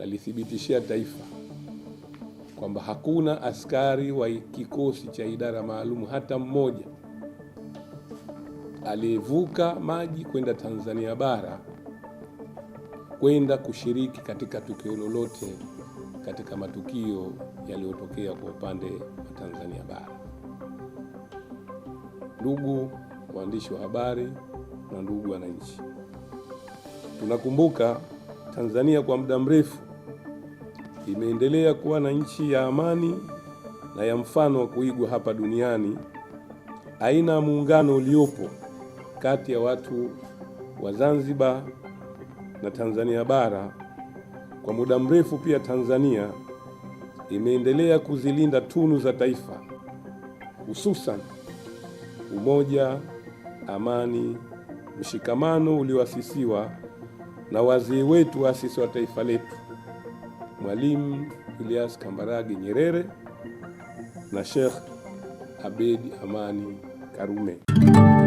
nalithibitishia taifa kwamba hakuna askari wa kikosi cha idara maalum hata mmoja aliyevuka maji kwenda Tanzania bara kwenda kushiriki katika tukio lolote katika matukio yaliyotokea kwa upande wa Tanzania bara. Ndugu waandishi wa habari na ndugu wananchi, tunakumbuka Tanzania kwa muda mrefu imeendelea kuwa na nchi ya amani na ya mfano wa kuigwa hapa duniani, aina ya muungano uliopo kati ya watu wa Zanzibar na Tanzania bara. Kwa muda mrefu pia Tanzania imeendelea kuzilinda tunu za taifa, hususan umoja, amani, mshikamano ulioasisiwa na wazee wetu waasisi wa taifa letu. Mwalimu Julius Kambarage Nyerere na Sheikh Abedi Amani Karume.